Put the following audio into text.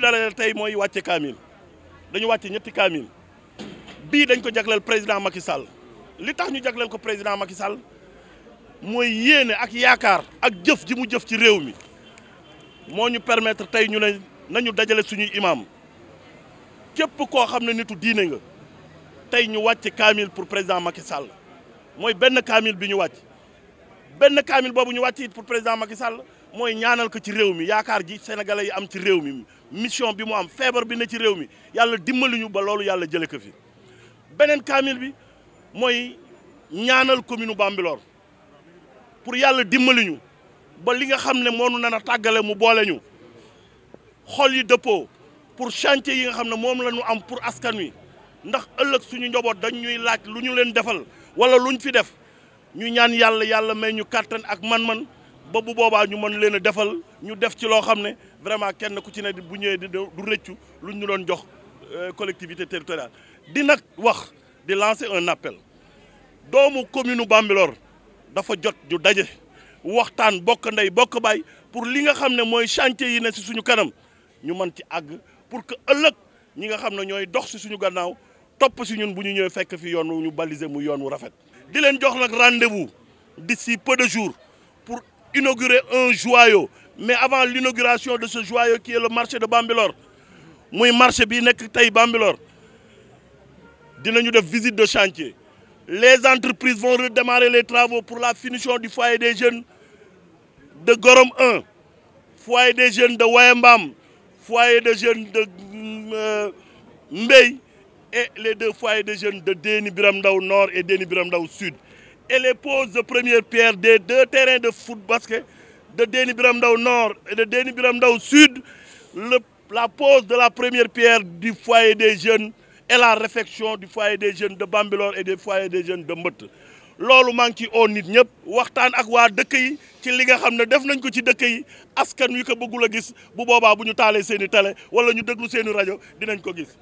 lii tey mooy wàcce kaamil dañu wàcce ñetti kaamil bii dañ ko jagleel président Macky Sall li tax ñu jagleel ko président Macky Sall mooy yéene ak yaakaar ak jëf ji mu jëf ci réew mi moo ñu permettre tey ñu ne nañu dajale suñuy imam képp koo xam ne nitu diine nga tey ñu wàcce kaamil pour président Macky Sall mooy benn kaamil bi ñu wàcc benn kaamil boobu ñu wàcc pour président Macky Sall mooy ñaanal ko ci réew mi yaakaar ji sénégalais yi am ci réew mi mission bi mu am feebar bi ne ci réew mi yàlla dimbali ñu ba loolu yàlla jële ko fi beneen kaamil bi mooy ñaanal commune Bambilor pour yàlla dimbali ñu ba li nga xam ne moonu nan a tàggale mu boole ñu xol yi dëppoo pour chantier yi nga xam ne moom la ñu am pour askan wi ndax ëllëg suñu njaboot dañ ñuy laaj lu ñu leen defal wala luñ fi def ñu ñaan yàlla yàlla may ñu kattan ak man-man ba bu boobaa ñu mën leen defal ñu def ci loo xam vraiment kenn ku ci ne bu ñëwee du rëccu lu ñu doon jox euh, collectivité territoriale di nag wax di lancer un appel doomu commune Bambilor dafa jot ñu daje waxtaan bokk ndey pour li nga xam ne mooy chantier yi ne si suñu kanam ñu ci pour que ëllëg ñi nga xam ne dox si suñu gannaaw topp si ñun bu ñu fekk fi yoon wu ñu baliser mu yoon wu rafet di leen jox rendez-vous d'ici peu de jours inaugurer un joyau mais avant l'inauguration de ce joyau qui est le marché de Bambelor, le marché bi Bambelor Bambelor Bambilor visite de chantier les entreprises vont redémarrer les travaux pour la finition du foyer des jeunes de Gorom 1 foyer des jeunes de Wayembam foyer des jeunes de euh, Mbey et les deux foyers des jeunes de Déni Biram Nord et Déni Biram Sud et les poses de première pierre des deux terrains de foot basket de Déni Biramdao Nord et de Deni Biramdao Sud, le, la pose de la première pierre du foyer des jeunes et la réfection du foyer des jeunes de Bambilor et des foyers des jeunes de Meute. lolu maa ngi ciy oo nit ñëpp waxtaan ak wa dëkk yi ci li nga xamne def nañ ko ci dëkk yi askan yu ko bëggula gis bu boba bu ñu taalee seen télé wala ñu déglu seen radio dinañ ko gis